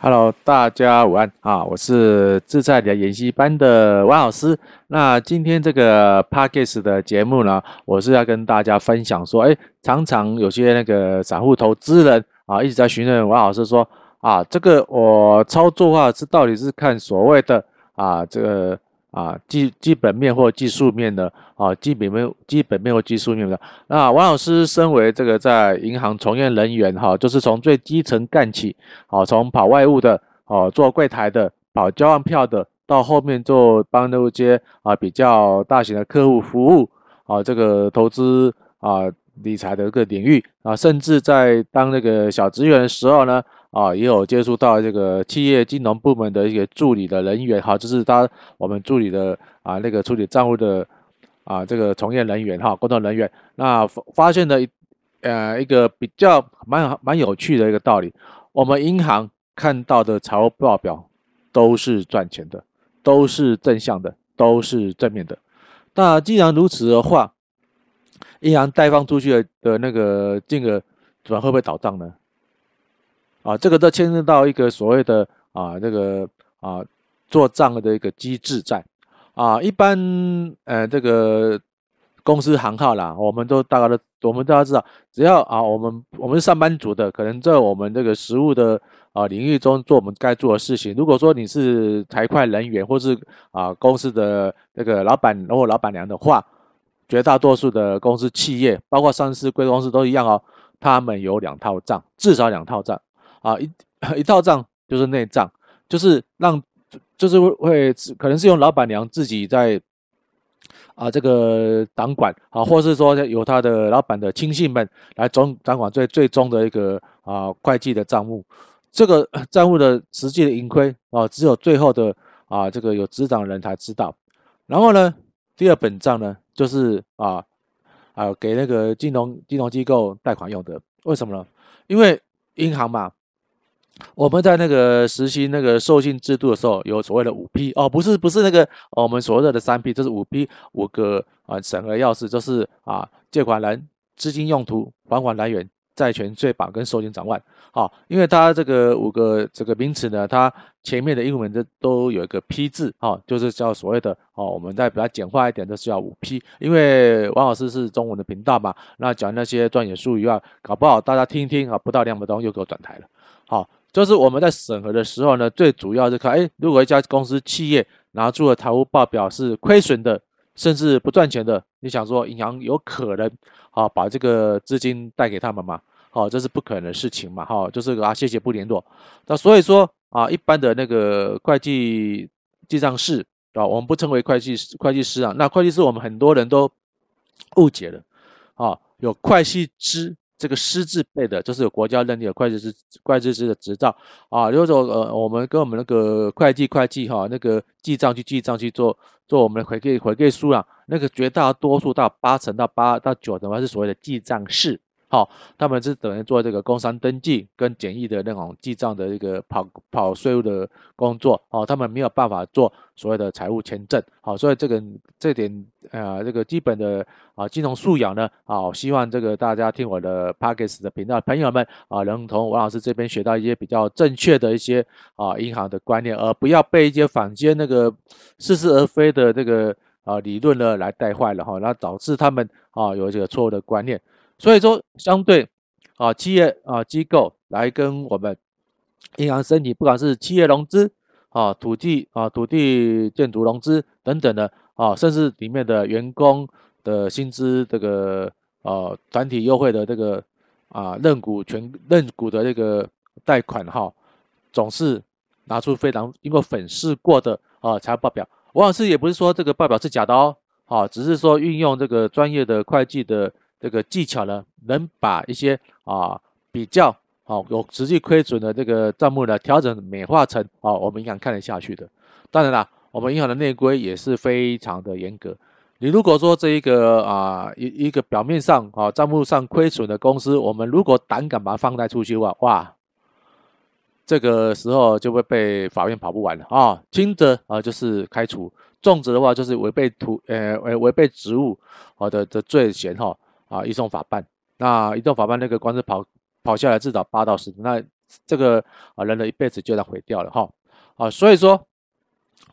哈嘍，Hello, 大家午安啊！我是自在的研習班的王老師。那今天這個 Podcast 的節目呢，我是要跟大家分享說，哎、欸，常常有些那個散戶投資人啊，一直在詢問王老師說，啊，這個我操作的話，是到底是看所謂的啊這個。啊，基基本面、或技術面的啊，基本面基本面或技術面的。那王老師身為這個在銀行從業人員哈、啊，就是從最基層幹起，啊，從跑外務的，哦、啊，做櫃台的，跑交換票的，到後面做幫那些啊比較大型的客戶服務啊，這個投資啊理財的一個領域啊，甚至在當那個小職員的時候呢。啊，也有接觸到這個企業金融部門的一些助理的人員哈，就是他我們助理的啊那個處理賬戶的啊這個從業人員哈、啊，工作人員，那發發現了一呃一個比較蠻蠻有趣的一個道理。我們銀行看到的財務報表都是賺錢的，都是正向的，都是正面的。那既然如此的話，銀行貸放出去的那個金額，主要會不會倒賬呢？啊，這個都牽涉到一個所謂的啊，這個啊做賬的一個機制在，啊，一般呃這個公司行號啦，我們都大家都我們大家知道，只要啊我們我們是上班族的，可能在我們這個實務的啊領域中做我們該做的事情。如果說你是財會人員，或是啊公司的那個老闆或老闆娘的話，絕大多數的公司企業，包括上市櫃公司都一樣哦，他們有兩套賬，至少兩套賬。啊一一套賬就是內賬，就是讓就是會可能是用老板娘自己在啊這個掌管啊，或是說由他的老板的親信們來掌掌管最最終的一個啊會計的賬目，這個賬戶的實際的盈虧啊，只有最後的啊這個有執掌的人才知道。然後呢，第二本賬呢，就是啊啊給那個金融金融機構貸款用的，為什麼呢？因為銀行嘛。我們在那個實行那個授信制度的時候，有所謂的五 P 哦，不是不是那個、哦，我們所謂的三 P，這是五 P 五個啊審核要素，呃、鑰匙就是啊借款人、資金用途、還款，款來源、債權最保跟授信展望。好、哦，因為它這個五個這個名詞呢，它前面的英文都都有一個批字，好、哦，就是叫所謂的哦，我們再比較簡化一點，就是叫五 P。因為王老師是中文的頻道嘛，那講那些專業術語啊，搞不好大家聽一聽啊，不到兩分鐘又給我轉台了，好、哦。就是我們在審核的時候呢，最主要是看，哎，如果一家公司企業拿出了財務報表是虧損的，甚至不賺錢的，你想說銀行有可能，啊，把這個資金貸給他們嗎？哦，這是不可能的事情嘛，哈，就是啊，謝謝不聯絡。那所以說啊，一般的那個會計記帳士啊，我們不稱為會計師、會計師啊，那會計師我們很多人都誤解了，啊，有會計師。這個師字輩的，就是有國家認定的會計師、會計師的執照啊。如果說呃，我們跟我們那個會計、會計哈、啊，那個記賬去記賬去做做我們的回饋回饋書啊，那個絕大多數到八成到八到九成，還是所謂的記帳士。好，他們是等於做這個工商登記跟簡易的那種記賬的一個跑跑稅務的工作。哦，他們沒有辦法做所謂的財務簽證。好，所以這個這點啊，這個基本的啊金融素養呢，啊，希望這個大家聽我的 Podcast 的頻道的朋友們啊，能從王老師這邊學到一些比較正確的一些啊銀行的觀念，而不要被一些坊間那個似是而非的這個啊理論呢來帶壞了哈，那導致他們啊有這個錯誤的觀念。所以說，相對，啊，企業啊，機構來跟我們銀行申請，不管是企業融資啊，土地啊，土地建築融資等等的啊，甚至裡面的員工的薪資，這個啊，團體優惠的這個啊，認股權、認股的這個貸款哈、啊，總是拿出非常經過粉飾過的啊財務報表。王老師，也不是說這個報表是假的哦，啊，只是說運用這個專業的會計的。這個技巧呢，能把一些啊比較啊有實際虧損的這個賬目呢，調整美化成啊我們銀行看得下去的。當然了，我們銀行的內規也是非常的嚴格。你如果說這一個啊一一個表面上啊賬目上虧損的公司，我們如果膽敢把它放貸出去的話，哇，這個時候就會被法院跑不完了啊，輕則啊就是開除，重則的話就是違背圖呃違違背職務啊的的罪嫌哈。啊，移送法辦，那移送法辦那個官司跑跑下來，至少八到十，那這個啊人的一輩子就要毀掉了哈。啊，所以說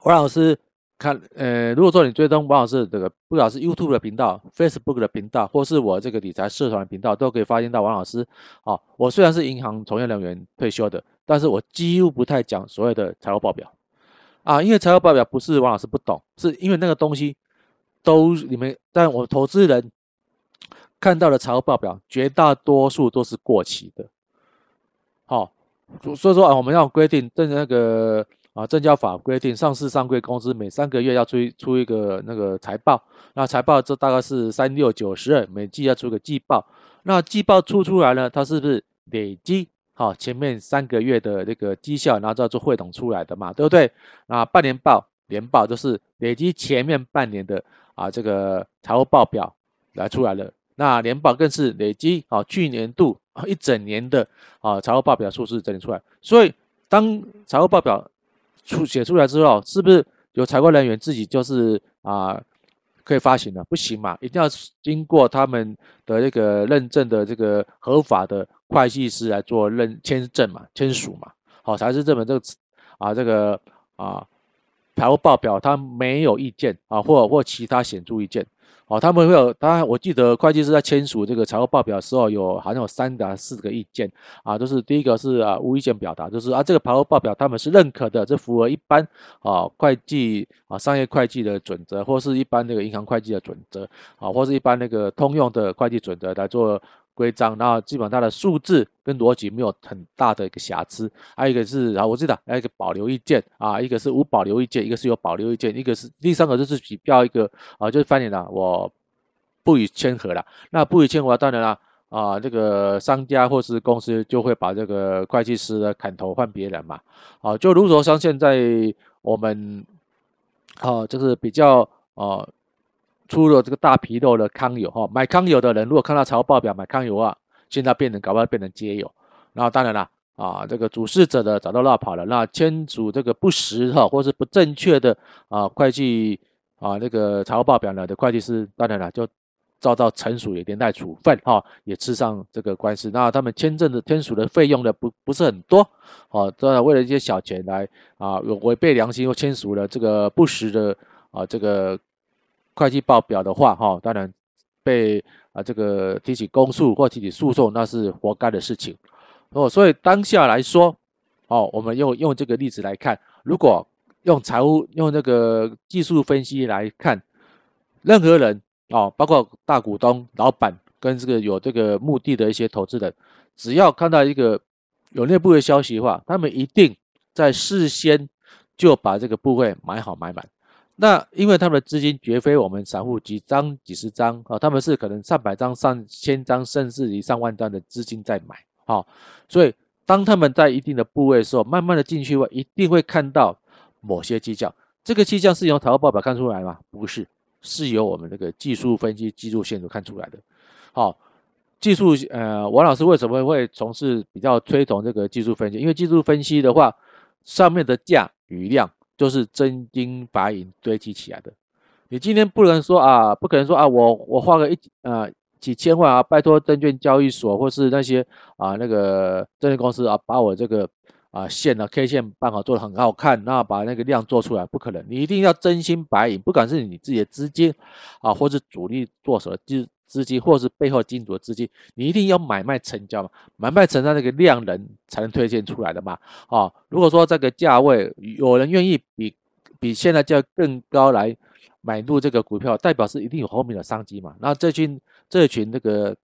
王老師看，呃，如果說你追蹤王老師這個不管是 YouTube 的頻道、Facebook 的頻道，或是我這個理財社團的頻道，都可以發現到王老師。啊，我雖然是銀行從業人員退休的，但是我幾乎不太講所謂的財務報表，啊，因為財務報表不是王老師不懂，是因為那個東西都你們但我投資人。看到的財務報表絕大多數都是過期的，好、哦，所以說啊，我們要規定證那個啊，證交法規定，上市上櫃公司每三個月要出一出一個那個財報，那財報這大概是三六九十二，每季要出個季報，那季報出出來呢，它是不是累積？好、哦，前面三個月的那個績效，然後要做匯總出來的嘛，對不對？那半年報、年報都是累積前面半年的啊，這個財務報表來出來了。那年報更是累積啊，去年度一整年的啊財務報表數字整理出來。所以，當財務報表出寫出來之後，是不是有財務人員自己就是啊可以發行了，不行嘛，一定要經過他們的這個認證的這個合法的會計師來做認簽證嘛、簽署嘛、啊，好才是這本這個啊這個啊財務報表他沒有意見啊，或或其他顯著意見。哦，他們會有當然我記得會計師在簽署這個財務報表的時候，有好像有三個、四個意見啊，就是第一個是啊無意見表達，就是啊這個財務報表他們是認可的，這符合一般啊會計啊商業會計的準則，或是一般那個銀行會計的準則啊，或是一般那個通用的會計準則來做。規章，然後基本上它的數字跟邏輯沒有很大的一個瑕疵，還、啊、有一個是啊，然後我知道還有一個保留意見啊，一個是無保留意見，一個是有保留意見，一個是第三個就是比較一個啊，就是翻臉了，我不予簽核了。那不予簽核，當然了啊，這個商家或是公司就會把這個會計師的砍頭換別人嘛。啊，就如果像現在我們啊，就是比較啊。出了這個大紕漏的康友哈，買康友的人如果看到財務報表買康友啊，現在變成搞不好變成街友，那當然了啊，這個主事者的找到落跑了，那簽署這個不實哈、啊、或是不正確的啊會計啊那、這個財務報表呢的會計師，當然了就遭到懲處，也連帶處分哈、啊，也吃上這個官司。那他們簽證的簽署的費用的不不是很多，哦、啊，當然為了一些小錢來啊違背良心又簽署了這個不實的啊這個。會計報表的話，哈，當然被啊這個提起公訴或提起訴訟，那是活該的事情。哦，所以當下來說，哦，我們用用這個例子來看，如果用財務用這個技術分析來看，任何人哦，包括大股東、老闆跟這個有這個目的的一些投資人，只要看到一個有內部的消息的話，他們一定在事先就把這個部位買好買滿。那因為他們的資金絕非我們散戶幾張幾十張啊、哦，他們是可能上百張、上千張，甚至於上萬張的資金在買，好，所以當他們在一定的部位的時候，慢慢的進去會一定會看到某些跡象。這個跡象是由財務報表看出來嗎？不是，是由我們這個技術分析技術線索看出來的。好，技術，呃，王老師為什麼會從事比較推崇這個技術分析？因為技術分析的話，上面的價與量。就是真金白銀堆積起來的，你今天不能說啊，不可能說啊，我我花個一啊，幾千萬啊，拜托證券交易所或是那些啊那個證券公司啊，把我這個啊線呢、啊、K 線辦好做得很好看，那把那個量做出來，不可能，你一定要真金白銀，不管是你自己的資金啊，或是主力做什麼，就是。資金或是背後金主的資金，你一定要買賣成交嘛。買賣成交那個量能才能推薦出來的嘛。啊，如果說這個價位有人願意比比現在價更高來買入這個股票，代表是一定有後面的商機嘛。那這群這群那個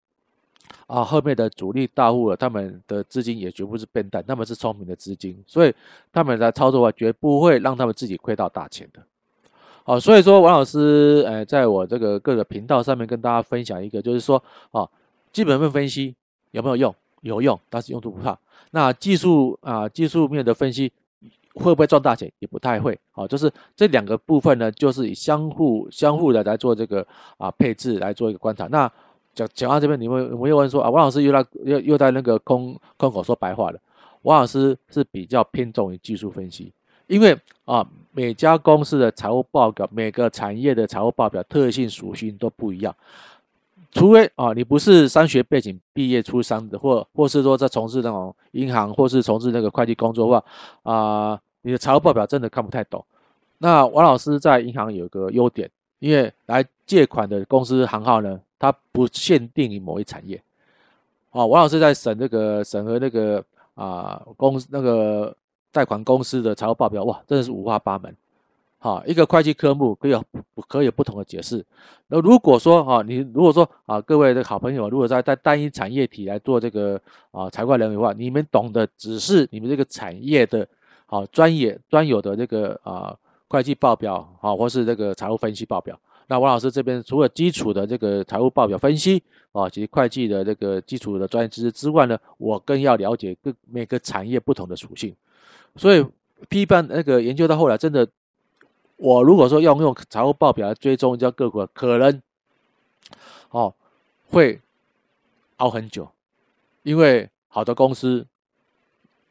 啊後面的主力大戶了，他們的資金也絕不是笨蛋，他們是聰明的資金，所以他們來操作啊，絕不會讓他們自己虧到大錢的。哦，所以說王老師，哎、呃，在我這個各個頻道上面跟大家分享一個，就是說，啊、哦，基本面分析有沒有用？有用，但是用途不大。那技術啊、呃，技術面的分析會不會賺大錢？也不太會。好、哦，就是這兩個部分呢，就是以相互相互的來做這個啊、呃，配置，來做一個觀察。那講講到這邊，你們我又問說啊，王老師又在又又在那個空空口說白話了。王老師是比較偏重於技術分析。因為啊，每家公司的財務報表，每個產業的財務報表特性、屬性都不一樣。除非啊，你不是商學背景畢業出身的，或或是說在從事那種銀行，或是從事那個會計工作的話，啊，你的財務報表真的看不太懂。那王老師在銀行有個優點，因為來借款的公司行號呢，它不限定於某一產業。啊，王老師在審那個審核那個啊公那個。貸款公司的財務報表哇，真的是五花八門。好，一個會計科目可以有可以有不同的解釋。那如果說哈、啊，你如果說啊，各位的好朋友，如果在在單一產業體來做這個啊財會人員的話，你們懂的只是你們這個產業的啊專業專有的這個啊會計報表啊，或是這個財務分析報表。那王老師這邊除了基礎的這個財務報表分析啊，及會計的這個基礎的專業知識之外呢，我更要了解各每個產業不同的屬性。所以批判那個研究到後來，真的，我如果說要用財務報表來追蹤一家個股，可能哦會熬很久，因為好的公司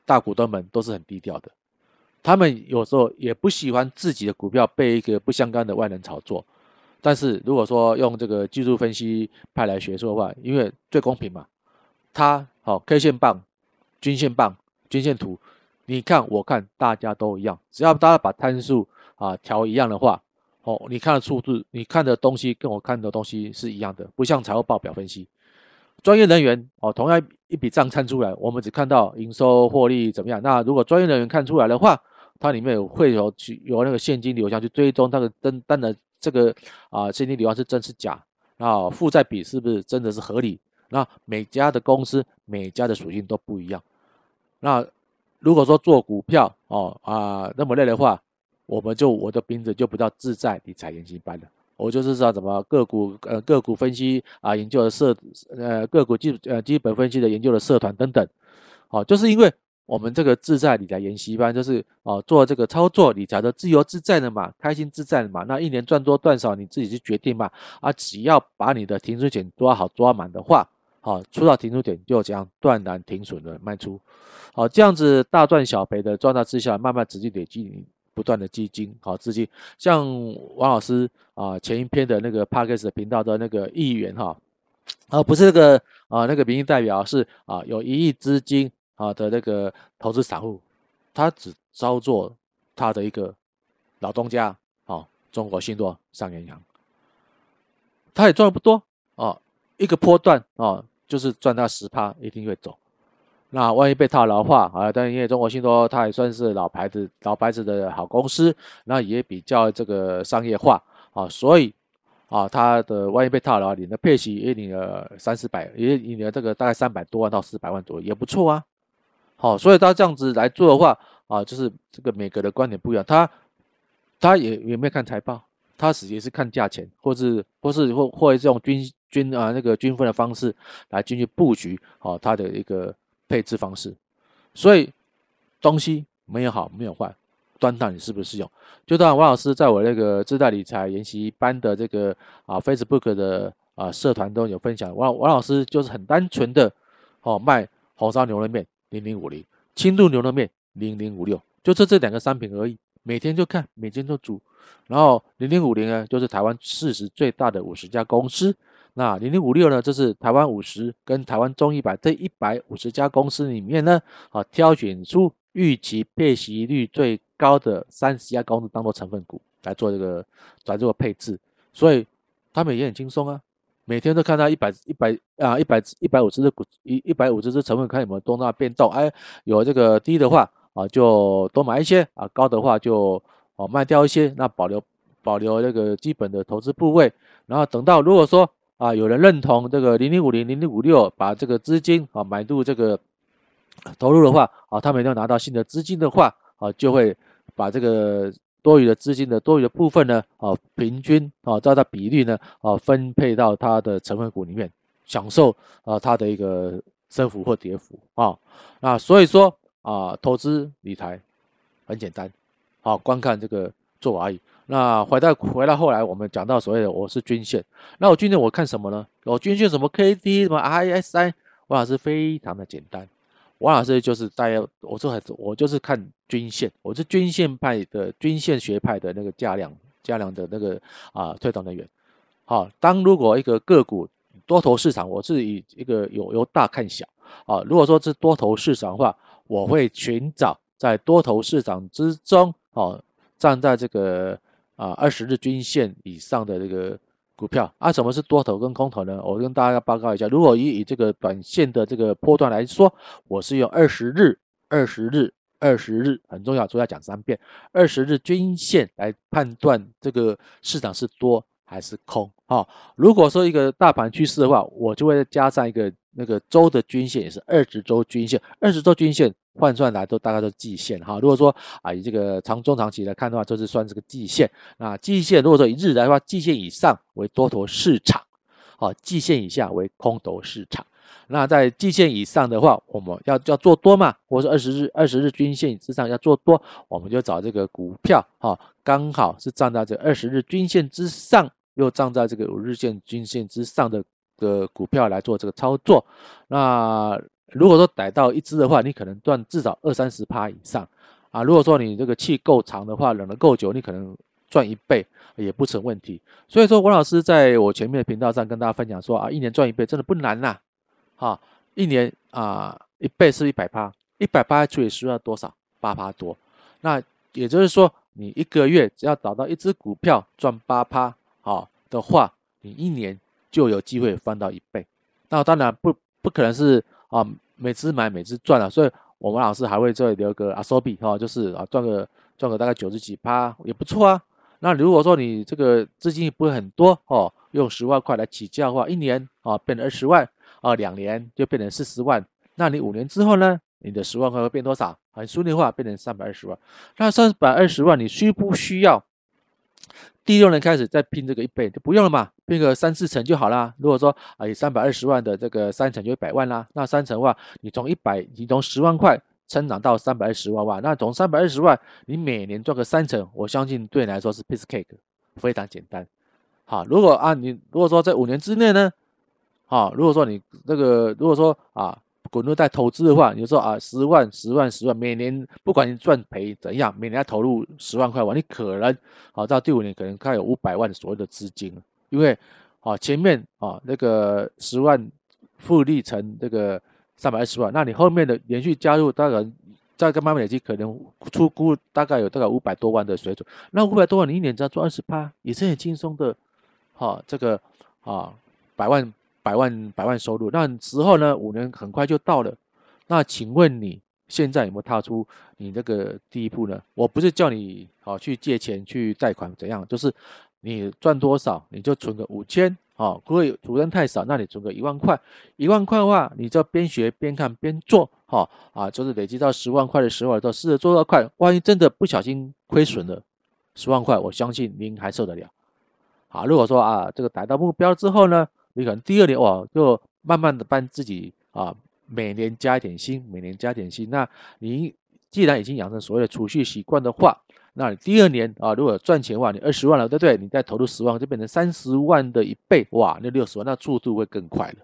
大股東們都是很低調的，他們有時候也不喜歡自己的股票被一個不相干的外人炒作。但是如果說用這個技術分析派來學說的話，因為最公平嘛，他哦 K 線棒、均線棒、均線圖。你看，我看，大家都一樣。只要大家把參數啊調一樣的話，哦，你看的數字，你看的東西跟我看的東西是一樣的。不像財務報表分析，專業人員哦，同樣一筆賬參出來，我們只看到營收獲利怎麼樣。那如果專業人員看出來的話，它裡面有會有去有那個現金流向去追蹤它的登單的這個啊、呃、現金流項是真是假？那哦、負債比是不是真的是合理？那每家的公司，每家的屬性都不一樣。那如果說做股票哦啊、呃、那麼累的話，我們就我的名字就不叫自在理財研習班了。我就是說怎麼個股呃個股分析啊、呃、研究的社呃個股基呃基本分析的研究的社團等等。哦，就是因為我們這個自在理財研習班就是哦、呃、做這個操作理財的自由自在的嘛，開心自在的嘛。那一年賺多賺少你自己去決定嘛。啊，只要把你的停損點抓好抓滿的話。好，出到停損點就這樣斷然停損的賣出。好，這樣子大賺小賠的狀態之下，慢慢直接累積，不斷的基金好資金，像王老師啊，前一篇的那個 Podcast 頻道的那個議員哈、啊，啊不是那個啊那個民意代表，是啊有一億資金啊的那個投資散戶，他只操作他的一個老東家啊，中國信託商業銀行，他也賺的不多啊，一個波段啊。就是賺到十趴，一定會走。那萬一被套牢的話啊，但因為中國信托，它也算是老牌子，老牌子的好公司，那也比較這個商業化啊，所以啊，它的萬一被套牢，你的配息也領了三四百，也領了這個大概三百多萬到四百萬左右，也不錯啊。好，所以他這樣子來做的話啊，就是這個每個的觀點不一樣，他他也沒他也沒有看財報，他實際是看價錢，或是或是或或者這種均。均啊那個均分的方式來進去布局，好，它的一個配置方式，所以東西沒有好沒有壞，端到你適不適用。就當王老師在我那個自在理財研習班的這個啊 Facebook 的啊社團中有分享，王王老師就是很單純的哦賣紅燒牛肉面零零五零，清燉牛肉面零零五六，就這這兩個商品而已，每天就看每天就煮，然後零零五零呢就是台灣市值最大的五十家公司。那零零五六呢，這是台灣五十跟台灣中一百這一百五十家公司裡面呢，啊，挑選出預期配息率最高的三十家公司當做成分股來做這個，來做配置。所以他們也很輕鬆啊，每天都看到一百一百啊一百一百五十隻股一一百五十隻成分，看有沒有多大變動。哎，有這個低的話啊，就多買一些啊；高的話就哦、啊、賣掉一些，那保留保留這個基本的投資部位。然後等到如果說啊，有人認同這個零零五零零零五六，把這個資金啊買入這個投入的話啊，他每天要拿到新的資金的話啊，就會把這個多餘的資金的多餘的部分呢啊，平均啊照它比例呢啊分配到它的成分股裡面，享受啊它的一個升幅或跌幅啊。那所以說啊，投資理財很簡單，好、啊，觀看這個做法而已。那回到回到後來，我們講到所謂的我是均線。那我今天我看什麼呢？我均線什麼 K D 什麼 R S I，王老師非常的簡單。王老師就是大家，我說還是我就是看均線，我是均線派的均線學派的那個價量價量的那個啊推動能源。好、啊，當如果一個個股多頭市場，我是以一個由由大看小啊。如果說是多頭市場的話，我會尋找在多頭市場之中啊，站在這個。啊，二十日均線以上的這個股票啊，什麼是多頭跟空頭呢？我跟大家報告一下，如果以以這個短線的這個波段來說，我是用二十日、二十日、二十日，很重要，主要講三遍，二十日均線來判斷這個市場是多還是空啊、哦。如果說一個大盤趨勢的話，我就會加上一個。那個周的均線也是二十周均線，二十周均線換算來都大概都是季線哈。如果說啊以這個長中長期來看的話，就是算這個季線。那季線如果說以日來的話，季線以上為多頭市場，哈季線以下為空頭市場。那在季線以上的話，我們要要做多嘛，或者二十日二十日均線之上要做多，我們就找這個股票哈，剛好是站在這二十日均線之上，又站在這個五日線均線之上的。的股票來做這個操作，那如果說逮到一隻的話，你可能賺至少二三十趴以上啊。如果說你這個氣夠長的話，冷得夠久，你可能賺一倍也不成問題。所以說，王老師在我前面的頻道上跟大家分享說啊，一年賺一倍真的不難吶。哈，一年啊一倍是一百趴，一百趴除以十二要多少？八趴多。那也就是說，你一個月只要找到一隻股票賺八趴，好、啊、的話，你一年。就有機會翻到一倍，那當然不不可能是啊，每次買每次賺了，啊，所以我們老師還會這裡留個阿索比哈，就是啊賺個賺個大概九十幾趴也不錯啊。那如果說你這個資金不會很多哦，啊，用十萬塊來起家的話，一年啊變成二十萬啊，兩年就變成四十萬，那你五年之後呢，你的十萬塊會變多少？很順利的話變成三百二十萬，那三百二十萬你需不需要？第六年開始再拼這個一倍就不用了嘛，拼個三四成就好啦。如果說啊，有三百二十萬的這個三成就一百萬啦，那三成的話，你從一百，你從十萬塊成長到三百二十萬萬，那從三百二十萬，你每年賺個三成，我相信對你來說是 piece cake，非常簡單。好，啊，如果啊，你如果說在五年之內呢，好，啊，如果說你這個，如果說啊。滾動在投資的話，你就說啊，十萬、十萬、十萬，每年不管你賺賠怎樣，每年要投入十萬塊玩，你可能啊，到第五年可能還有五百萬左右的資金，因為啊，前面啊那個十萬複利成這個三百二十萬，那你後面的連續加入，大概再跟慢慢累積，可能出估大概有大概五百多萬的水準。那五百多萬，你一年只要賺二十八，也是很輕鬆的。好，啊，這個啊，百萬。百萬百萬收入，那之後呢，五年很快就到了。那請問你現在有沒有踏出你這個第一步呢？我不是叫你啊、哦、去借錢去貸款怎樣，就是你賺多少你就存個五千哦，如果存太少，那你存個一萬塊。一萬塊的話，你就邊學邊看邊做哈、哦、啊，就是累積到十萬塊的時，的時候，試着做到快，萬一真的不小心虧損了十萬塊，我相信您還受得了。好，如果說啊這個達到目標之後呢，你可能第二年哇，就慢慢的幫自己啊，每年加一點薪，每年加一點薪。那你既然已經養成所謂的儲蓄習慣的話，那你第二年啊，如果賺錢的話，你二十萬了，對不對？你再投入十萬，就變成三十萬的一倍，哇，那六十萬，那速度會更快了。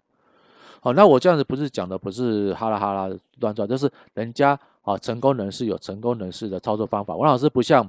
好、啊，那我這樣子不是講的不是哈啦哈啦亂轉，就是人家啊成功人士有成功人士的操作方法。王老師不像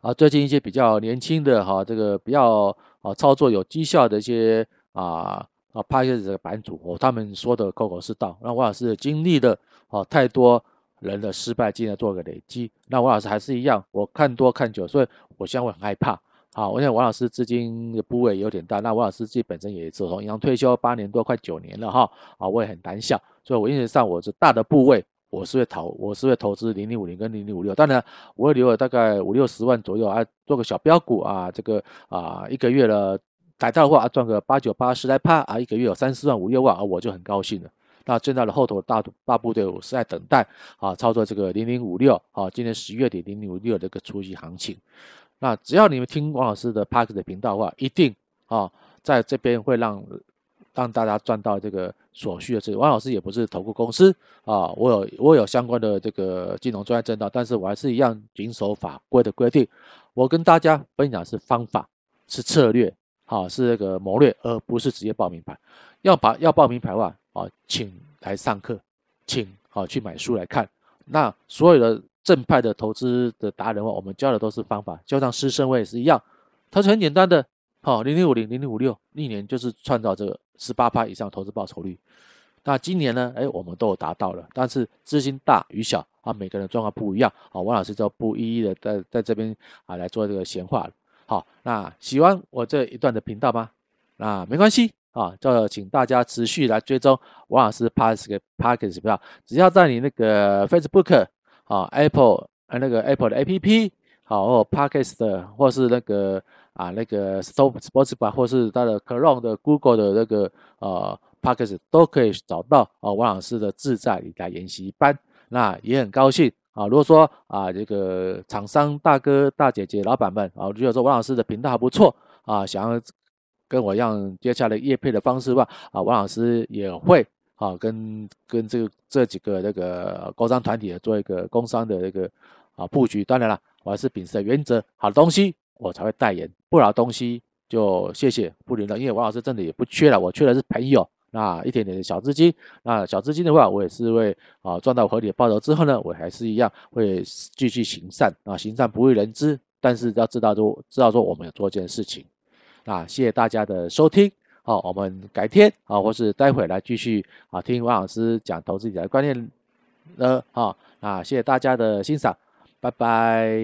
啊，最近一些比較年輕的哈、啊，這個比較啊操作有績效的一些。啊啊！拍一些這個版主哦，他們說的口口是道。那王老師經歷的啊太多人的失敗經驗做個累積。那王老師還是一樣，我看多看久，所以我現在會很害怕。啊。我想王老師資金的部位有點大。那王老師自己本身也是從銀行退休八年多，快九年了哈。啊，我也很膽小，所以我一直上我是大的部位，我是會投，我是會投資零零五零跟零零五六。當然我也留了大概五六十萬左右，啊，做個小標股啊，這個啊一個月了。改造的話啊，賺個八九八十來趴啊，一個月有三四萬五六萬啊，我就很高興了。那現在的後頭大大部隊，我是在等待啊，操作這個零零五六啊，今年十月底零零五六這個除息行情。那只要你們聽王老師的 Podcast 的頻道的話，一定啊，在這邊會讓讓大家賺到這個所需的這個，王老師也不是投顧公司啊，我有我有相關的這個金融專業證照，但是我還是一樣遵守法規的規定。我跟大家分享的是方法，是策略。好是那個謀略，而不是直接報名牌。要把要報名牌的話啊，請來上課，請好去買書來看。那所有的正派的投資的達人，我們教的都是方法，就像施昇輝也是一樣。它是很簡單的，好0050，0056，歷年就是創造這個十八趴以上投資報酬率。那今年呢，哎，我們都有達到了。但是資金大與小啊，每個人狀況不一樣啊。王老師就不一一的在在這邊啊來做這個閒話了。好，那喜歡我這一段的頻道嗎？那沒關係啊，就請大家持續來追蹤王老師 Podcast 的 Podcast 頻道。只要在你那個 Facebook 啊、Apple 呃、啊、那個 Apple 的 APP 好、啊，或 Podcast 的，或是那個啊那個 Spotify 或是他的 Chrome 的 Google 的那個呃 Podcast 都可以找到啊王老師的自在理財研習班，那也很高興。啊，如果說啊，這個廠商大哥大姐姐老闆們啊，如果說王老師的頻道還不錯啊，想要跟我一樣接下來業配的方式吧，啊，王老師也會啊，跟跟這這幾個這個工商團體做一個工商的這個啊佈局。當然了，我還是秉持的原則，好的東西我才會代言，不好的東西就謝謝不領了。因為王老師真的也不缺了，我缺的是朋友。一點點的小資金，那小資金的話，我也是會啊賺到合理的報酬之後呢，我還是一樣會繼續行善啊，行善不為人知，但是要知道，知道說我們要做一件事情。啊，謝謝大家的收聽，好，我們改天啊，或是待會來繼續啊聽王老師講投資理財觀念了，好啊，謝謝大家的欣賞，拜拜。